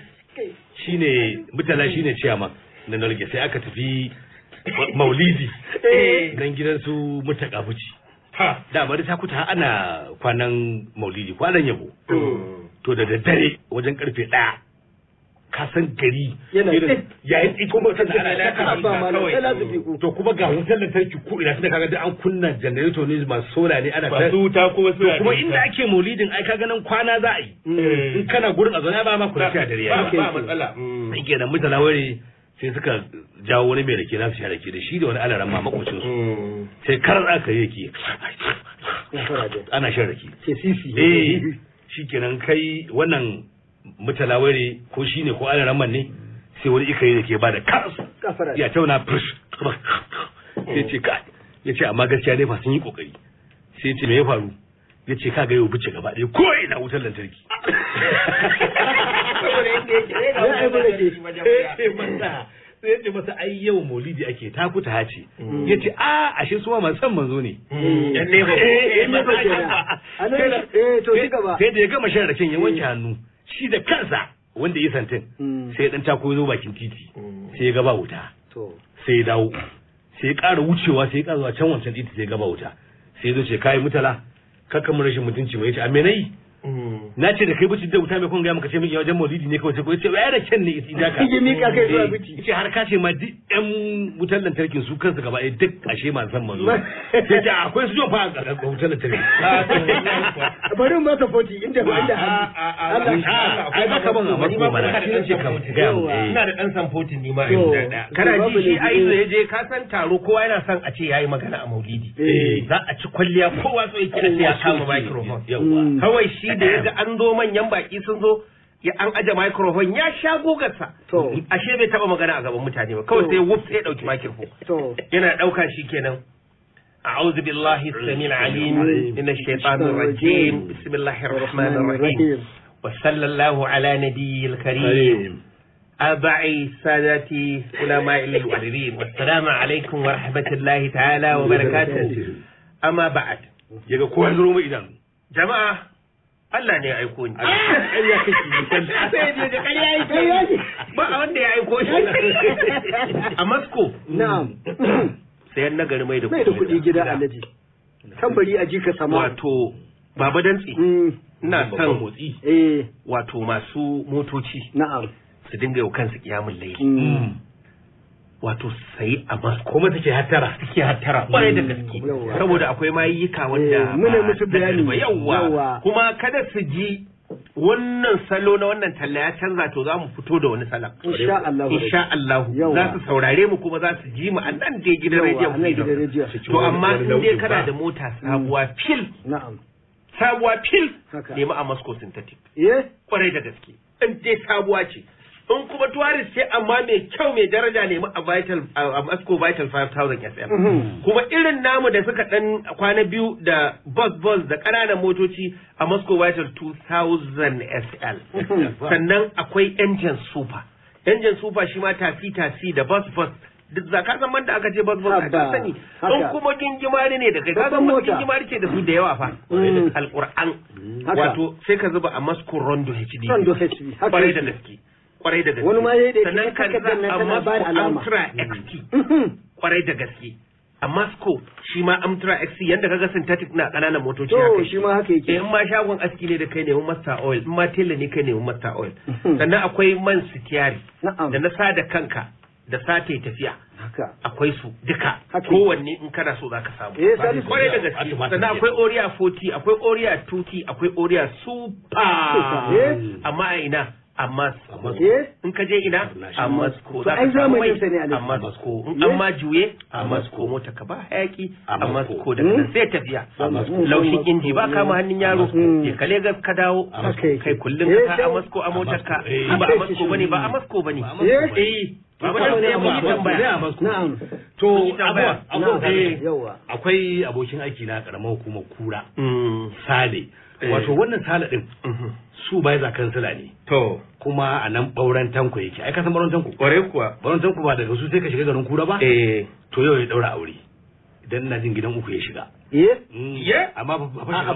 shine mutala shine ciyama na nolge sai aka tafi maulidi nan eh. gidansu su mutakafuci da bari ta kuta ana kwanan maulidi kwanan yabo to da daddare wajen karfe daya ka san gari yayin iko mutum da ana laka kawai to kuma ga wutar lantarki ko ina tunda kaga da an kunna janareto ne masu sola ne ana ta wuta kuma sola kuma inda ake molidin ai kaga nan kwana za a yi mm. in eh. kana gurin a zauna ba ma kula da dare ba matsala mm. in kenan mutala wuri sai suka jawo wani mai rake nasu sharake da shi da wani alaran ma makocin su mm. sai karar aka yi yake ana shan rake sai sisi eh shikenan kai wannan mutalawari ko shi ne ko ana raman ne sai wani ikayi da ke ba da kasu ya tauna fish sai ce ka ya ce amma gaskiya dai fa sun yi kokari sai ce me ya faru ya ce ka gaya yau gaba ɗaya ko ina wutar lantarki sai ce masa ai yau maulidi ake ta kuta hace ya ce a ashe suwa masu san manzo ne sai da ya gama shan raken ya wanke hannu shi da kansa wanda ya santin mm. sai ya dan tako zo bakin titi mm. sai ya gaba wuta sai ya dawo sai ya ƙara wucewa sai ya ƙara zuwa can wancan titi sai ya gaba wuta sai ya zo ce kai mutala kakkan rashin mutunci mai ce a menai na ce da kai bici da wuta mai kun gaya maka ce miki wajen maulidi ne kawai sai ce ya da kyan ne ita ka ya mika kai zuwa bici ce har ka ma duk yan wutar lantarkin su kansu gaba ɗaya duk ashe ma san mazo sai ce akwai su jofa a wutar lantarki bari mu mata foti inda ba inda hannu ai ba ka ban a mako mana ba ce ka gaya mu ina da dan san foti ni ma kana ji shi ai je ka san taro kowa yana son a ce yayi magana a maulidi za a ci kwalliya kowa so yake a kama microphone kawai shi shi da ya ga an zo manyan baki sun zo ya an aje microphone ya sha gogarsa to ashe bai taba magana a gaban mutane ba kawai sai wuf sai ya dauki microphone to yana dauka shi kenan أعوذ بالله السميع العليم من الشيطان الرجيم بسم الله الرحمن الرحيم وصلى الله على نبي الكريم أبعي سادتي علماء المحررين والسلام عليكم ورحمة الله تعالى وبركاته أما بعد يقول كوهن رومي إذن جماعة Allah ne ya aiko ni. Ƙarya kake ne da ya ƙarya ni. Ba a wanda ya aiko ni. A Moscow. Na'am. Sayan nagari mai da kuɗi. Mai da kuɗi gida alaji. Tambari a jika sama. Wato Baba Dantsi. Mm. Ina son motsi. Eh. Wato masu motoci. Na'am. Su dinga yau kansu kiyamun laili. Mm. wato sai a bas ko mata hattara suke hattara kwarai da gaske mm. saboda akwai mayika eh, wanda muna musu bayani yawa kuma kada su ji wannan salo na wannan talla ya canza to za mu fito da wani salon insha Allah insha Allah za su saurare mu kuma za su ji mu a nan da gidan rediyo to amma in dai kana da mota sabuwa mm. fil na'am sabuwa fil nema a Moscow synthetic eh kwarai da gaske in dai sabuwa ce in kuma tuwaris ce amma mai kyau mai daraja nemi a vital a Moscow vital 5000 sm mm-hmm. kuma irin namu da suka dan kwana biyu da bus bus da ƙananan motoci a Moscow vital 2000 sl mm-hmm. sannan akwai engine super engine super shi ma tafi tafi da bus bus duk za ka san da aka ce bus bus ka sani in kuma gingimari ne da kai ka san gingimari ce da su da yawa fa mm. alquran wato sai ka zuba a masko rondo hd rondo hd kwarai da gaske kwarai da gaske wani ma ya sannan ka ga a masu amtra mm-hmm. xt kwarai da gaske a Moscow shi ma Amtra XC yadda kaga synthetic na kananan motoci haka shi ma haka yake in ma shagon aski ne da kai ne Master Oil in ma tela ne kai ne Master Oil mm-hmm. sannan akwai man sitiyari da na sa da kanka da sate tafiya akwai su duka kowanne in kana so zaka samu eh, kwarai da gaske sannan akwai Oria 40 akwai Oria 20 akwai Oria Super eh? amma a ina a masko in ka je ina a masko za ka samu mai a masko in an ma juye a masko mota ka ba hayaki a masko da nan hmm? sai tafiya laushin inji ba kama hannun yaro ya kale ga ka dawo kai kullum ka ta eh, a masko a motar ka ba a masko bane ba a masko bane eh To abuwa eh, akwai abokin aiki na karamar hukumar kura hmm. sale Eh. wato wannan sala din su bai za kansila ne to kuma a nan bauran tanko yake ai ka san bauran tanko kware kuwa bauran tanko ba daga su sai ka shiga garin kura ba eh to yau ya daura aure idan na jin gidan uku ya shiga ye mm. amma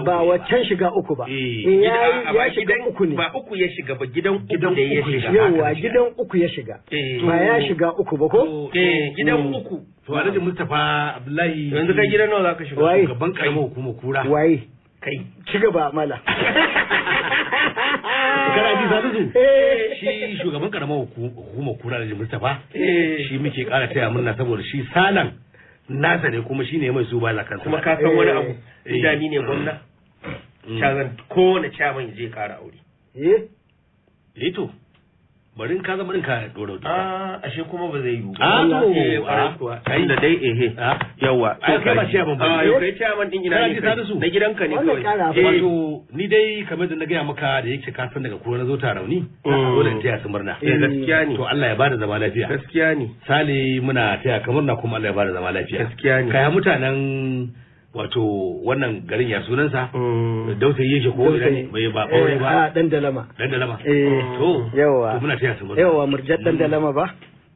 ba waccan shiga uku ba eh. ya shiga uku ne ba uku ya shiga ba gidan uku da ya shiga yawa gidan uku ya shiga eh. ba ya shiga uku ba ko gidan mm. uku to alhaji mustafa abdullahi yanzu kai gidan nawa zaka shiga gaban karamar hukumar kura waye kai ci gaba mala kana ji sadu su eh. shi shugaban karamar hukuma kura da ba eh. shi muke kara taya murna saboda shi salan nasa ne kuma shine mai su bala kansa kuma ka san wani abu idani eh. ne gwamna shagan mm. kowane chairman zai kara aure eh lito barin ka zama ka dora wuta a ah, ashe kuma ba zai ah, yi a ah, to ai da dai ehe eh. yawa a kai ba shi abin ba yau kai ta man din gina ne na ka ne kawai eh, wato ni dai kamar da na gaya maka da yake ka san daga kura na zo ta rauni mm. dole in taya su murna eh gaskiya ne to Allah ya bada zama lafiya gaskiya ne sale muna taya ka murna kuma Allah ya bada zama lafiya gaskiya ne kaya mutanen wato wannan garin ya sunansa mm. dausa yi shi ko ne bai ba eh, ba ba dan dalama dan dalama eh. to yawa to muna taya su yawa murjat dan mm. dalama ba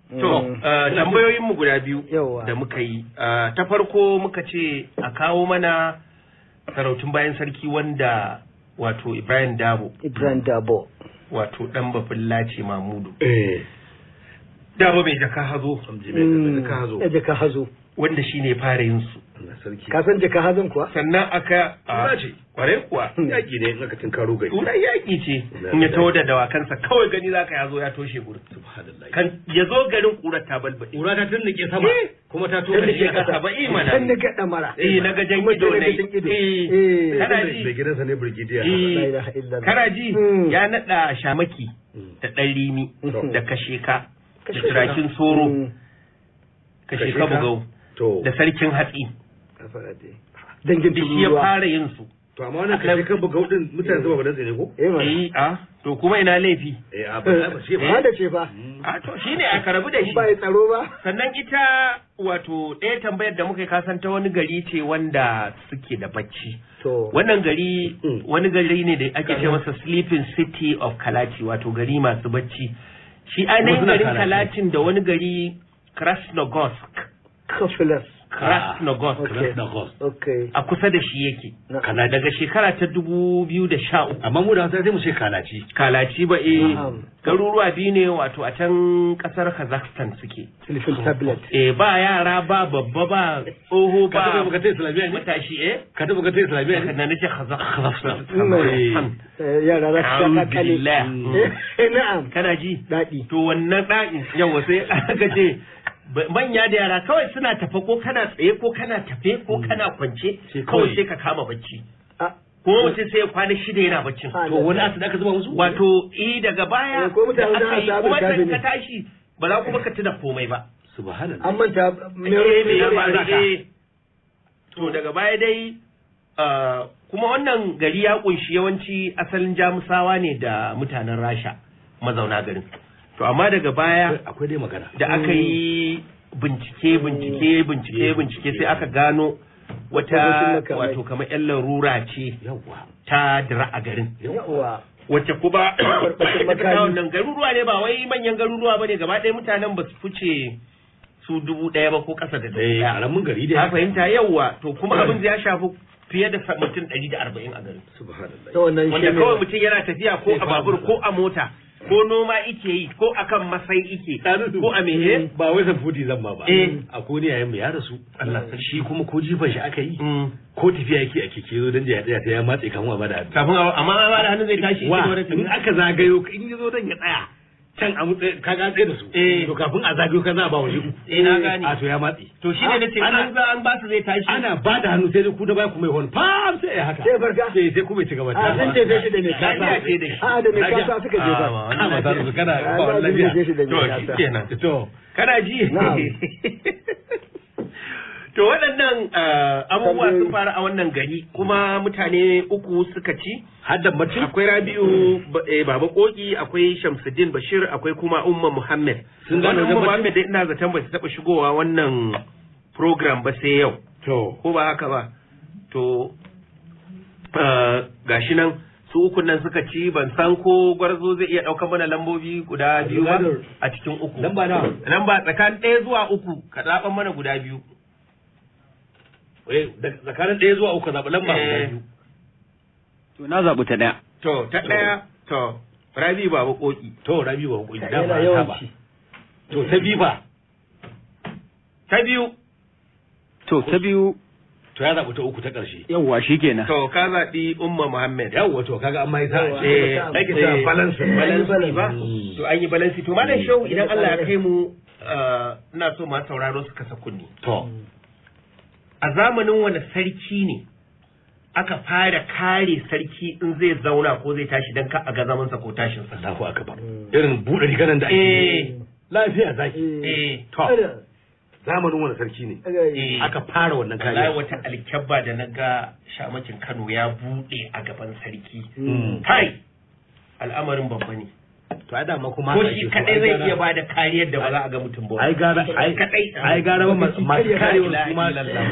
to mm. uh, tambayoyin mu guda biyu da muka yi uh, ta farko muka ce a kawo mana sarautun bayan sarki wanda wato Ibrahim Dabo Ibrahim Dabo wato dan bafin lace Mamudu eh Dabo bai jaka hazo jaka hazo wanda shine fara yin su ka san jaka hazan kuwa sannan aka a kware kuwa yaki ne in aka tinkaro gari Kuma yaki ce in ya taho da dawakansa kawai gani zaka yazo ya toshe gurin subhanallahi kan yazo garin kurar ta balbade kura ta tunnike sama eh. kuma ta tura shi kasa ba imana dan naga damara eh naga jan ido ne eh. eh kana ji da gidansa ne brigadier eh. kana ji hmm. ya nada shamaki hmm. da dan rimi da ka. da turakin soro hmm. ka bugau da sarkin hatsi dangin tururuwa ya fara yin su to amma wannan kashe kan buga hudun mutane zuwa badansa ne ko eh, eh a to kuma ina laifi eh a ba ce ba eh, da ce ba hmm. a to ne a karabu da shi ba ya tsaro ba sannan ita wato ɗaya tambayar da muka yi kasan ta wani gari ce wanda suke da bacci To. wannan gari hmm. wani gari ne da ake ce masa sleeping city of kalachi wato gari masu bacci shi ainihin garin kalachin da wani gari krasnogorsk Krasnogorsk ah, Krasnogorsk a kusa da shi yake kana daga shekara ta dubu biyu da sha uku amma mu da hausa sai mu ce kalaci kalaci ba eh garuruwa biyu ne wato a can kasar Kazakhstan suke eh ba yara ba babba ba tsoho ba ka tafi islamiya ne matashi eh ka tafi ka tafi islamiya ne na nace Kazakhstan eh, yara za su ta kale na'am kana ji dadi to wannan dadin yawa sai aka ce manya da yara kawai suna tafe ko kana tsaye ko kana tafe ko hmm. kana kwance kawai sai ka kama bacci ko mutum sai kwana shida yana baccin ah, to wani da aka zuba musu wato i daga baya eh, ko mutane da aka yi kuma ka tashi ba za kuma ka tuna komai ba subhanallah an manta me eh, ya ka? to daga baya dai ah, kuma wannan gari ya kunshi yawanci asalin jamusawa ne da mutanen rasha mazauna garin to amma daga baya akwai dai magana da aka yi mm. bincike bincike bincike bincike sai aka gano wata wato kamar yan larura ce ta dira a garin wacce kuma wannan garuruwa ne ba wai manyan garuruwa ba ne gaba ɗaya mutanen ba su fice su dubu ɗaya ba ko ƙasa da dubu eh, ɗaya a ramin gari da fahimta yawwa to kuma eh. abin ya shafi fiye da mutum ɗari da arba'in a garin wanda kawai mutum yana tafiya ko a babur ko a mota ko noma ike yi ko akan masai ike ko a meye ba wai zamfudi zan ma ba eh. a ko ne yayin mu ya rasu Allah shi kuma ko jifan shi aka yi mm. ko tafiya yake a keke zo dan jiya tsaya ya matse kamuwa ba da kafin amma ba da hannu zai tashi wa in aka zagayo in zo dan ya tsaya can a mutse ka ga tsaye da su eh. to kafin a zagayo ka za a ba waje uku eh na gane a to ya matsi to shi ne ce an ga an ba su zai tashi ana ba da hannu sai ku da ba ku mai hon fa sai ya haka sai barka sai sai ku mai cigaba da san ce shi da ne ka sa ce da shi a da ne ka sa suka je ah, ba ba za su kana ba wallahi to kenan to kana ji to waɗannan eh, abubuwa sun fara a wannan gari kuma mutane uku suka ci haddan mutum? akwai rabiu eh, baba koki akwai shamsuddin bashir akwai kuma umma muhammad sun gano umma muhammad dai ina zaton ba su taba shigowa wannan program ba sai yau to ko ba haka ba to eh, gashi nan su uku nan suka ci ban san ko gwarzo zai iya ɗaukar mana lambobi guda biyu ba a cikin uku lamba na lamba tsakan ɗaya zuwa uku ka zaɓa mana guda biyu Eh, tsakanin ɗaya zuwa uku zaɓi lamba guda eh. biyu to na zaɓi ta ɗaya to ta ɗaya to rabi ba bakoki to rabi ba bakoki da ba ta ba to ta biyu ba ta biyu to ta biyu to ya zaɓi ta uku ta ƙarshe yawwa kenan. to ka zaɓi umma muhammad yawwa to kaga amma yasa eh ake ta eh. balance balansi ba to an yi balansi to malam shau idan Allah ya kai mu ina so ma sauraro suka sa kunni to a zamanin wani sarki ne aka fara kare sarki in zai zauna ko zai tashi don ka a ga zamansa ko tashin sa aka ba irin buɗe riganan da ake eh. lafiya zaki eh to zamanin wani sarki ne eh. aka fara wannan kare wallahi wata alkyabba da na ga shamakin Kano ya buɗe a gaban sarki hmm. kai al'amarin babba ne to a dama kuma ko shi kadai zai iya bada kariyar da ba za a ga mutum ba ai gara ai kadai ai gara ba masu karewa su ma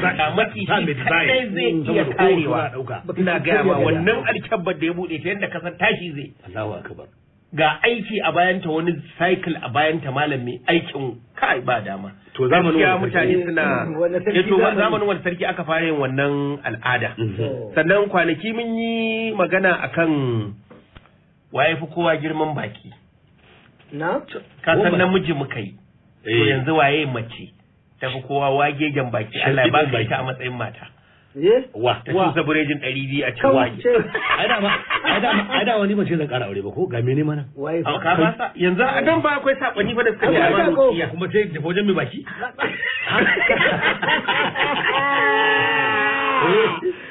saka mafi shi kadai zai iya karewa ina ga ma wannan alkabbar da ya bude ta yadda kasan tashi zai Allahu akbar ga aiki a bayanta wani cycle a bayanta malam mai aikin kai ba dama to zamanin wani mutane suna ya eh, to zamanin wani sarki aka fara yin wannan al'ada mhm. sannan kwanaki mun yi magana akan waye fi kowa girman baki na ka san namiji muka yi to eh. yanzu waye mace ta fi kowa wagegen baki Allah ya baka ita a matsayin mata wa ta su saburejin ɗari biyu a cikin wage ai da wani mace zan ƙara aure ba ko ga mene mana waye ka ba yanzu a dan ba akwai sakonni fa da suka ce ba rukiya kuma sai da wajen mai baki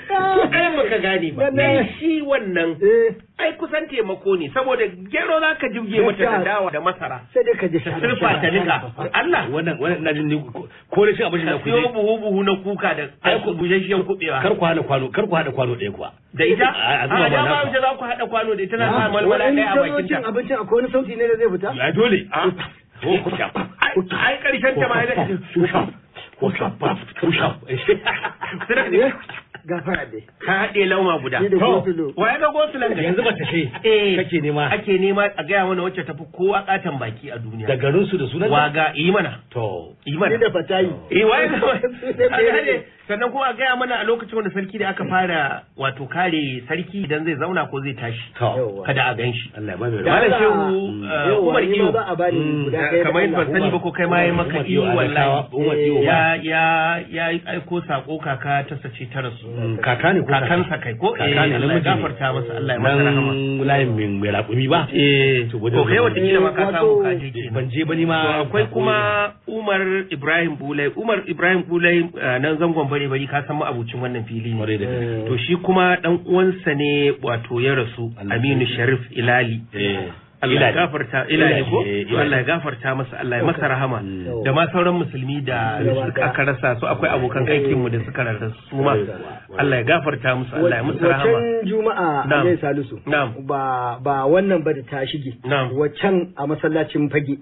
Ko ɗayan baka gane ba, shi wannan eh. kusan taimako ne saboda gero za ka jibge wata da dawa da masara sai dai ka ji sirfa ta nika Allah wannan na jin ko da shi abin da kuje buhu buhu na kuka da ai ku kubewa kar ku hada kwano kar ku hada kwano ɗaya kuwa da ita a zuwa ba na ku za ku hada kwano da ita na ah, malmala ɗaya a bakin ta abincin akwai wani sauti ne da zai fita dole ah. ai karshen ta ma gafara dai ka haɗe lauma guda to wa ya ga gosulan ga yanzu mace ce eh, kake nema ake nema a gaya mana wacce tafi kowa katan baki a duniya Daga garin da sunan Waga ga yi mana to yi mana da fatayi eh wa ya ga sannan kuma a gaya mana a lokacin wanda sarki da aka fara wato kare sarki idan zai zauna ko zai tashi kada a gan shi malam shehu uh, umar iyo mm. kamar yadda ban sani ba ko kai ma ya maka iyo wallahi ya ya ya aiko sako kaka ta sace ta rasu mm, kaka ne Kaka kakansa kai ko eh Allah ya gafarta masa Allah ya masa rahama layin min mai rakumi ba eh to kai wata kila ma ka samu ka je kenan ban je bane ma akwai kuma Umar Ibrahim Bulai Umar Ibrahim Bulai uh, nan zangon bari bari ka san ma'abucin wannan fili ne to shi kuma dan uwansa ne wato ya rasu Aminu Sharif Ilali eh. Allah ya gafarta ila ne ko Allah ya gafarta masa Allah ya masa rahama da ma sauran musulmi da aka rasa su akwai abokan aikin mu da suka rasa su ma Allah ya gafarta musu Allah ya masa rahama wannan juma'a ne salisu ba ba wannan ba da ta shige wacan a masallacin fage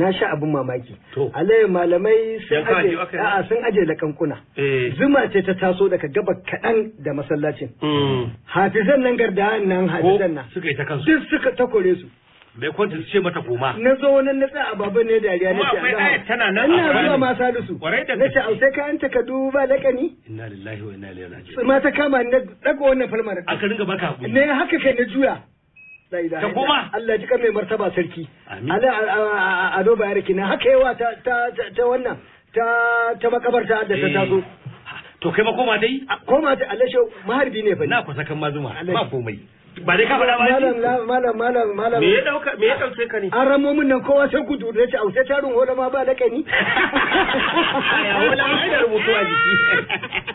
na sha abun mamaki alai malamai sun aje a sun aje da kankuna eh. zuma ce ta taso daga gaba kadan da masallacin mm. hafizan nan gardan nan hafizan nan suka yi ta kansu duk suka takore su bai kwanta ce mata koma na zo wannan na tsaya baban ne dariya na nace Allah tana nan ina zuwa ma salisu na ce ausai ka an taka duba kani. inna lillahi wa inna ilaihi raji'un ma ta kama na daga wannan falmar ka ringa baka hakuri ne haka kai na juya ta koma Allah ji kame mai martaba sarki ala ado bayar na haka yawa ta ta wannan ta ta makabarta da ta zo. Eh. to kai ma koma dai koma ta Allah shi maharbi ne fa na kwasa kan mazuma Ma komai ba dai ka faɗa ba Malam malam malam malam me ya dauka me ya dauke ka ne an ramo min nan kowa sai gudu da ce aushe tarun hola ma ba da kani ya hola ma da rubutu a jiki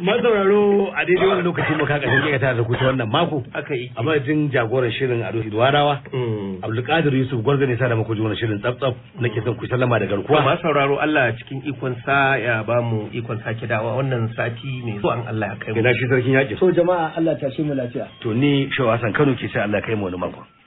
mazauraro a daidai wannan lokacin muka ka kashe ta da kuta wannan mako aka yi a jin jagoran shirin a Ado Idwarawa mm. Abdulkadir Yusuf Gwarza ne da muku wannan shirin tsaftsaf nake son ku sallama da garkuwa ma sauraro Allah cikin ikon sa ya ba mu ikon sake dawa wannan sati ne so an Allah ya kai mu ina shi sarkin yaki so jama'a Allah ta shi mu lafiya to ni Shawasan Kano dauke sai Allah kai mu wani mako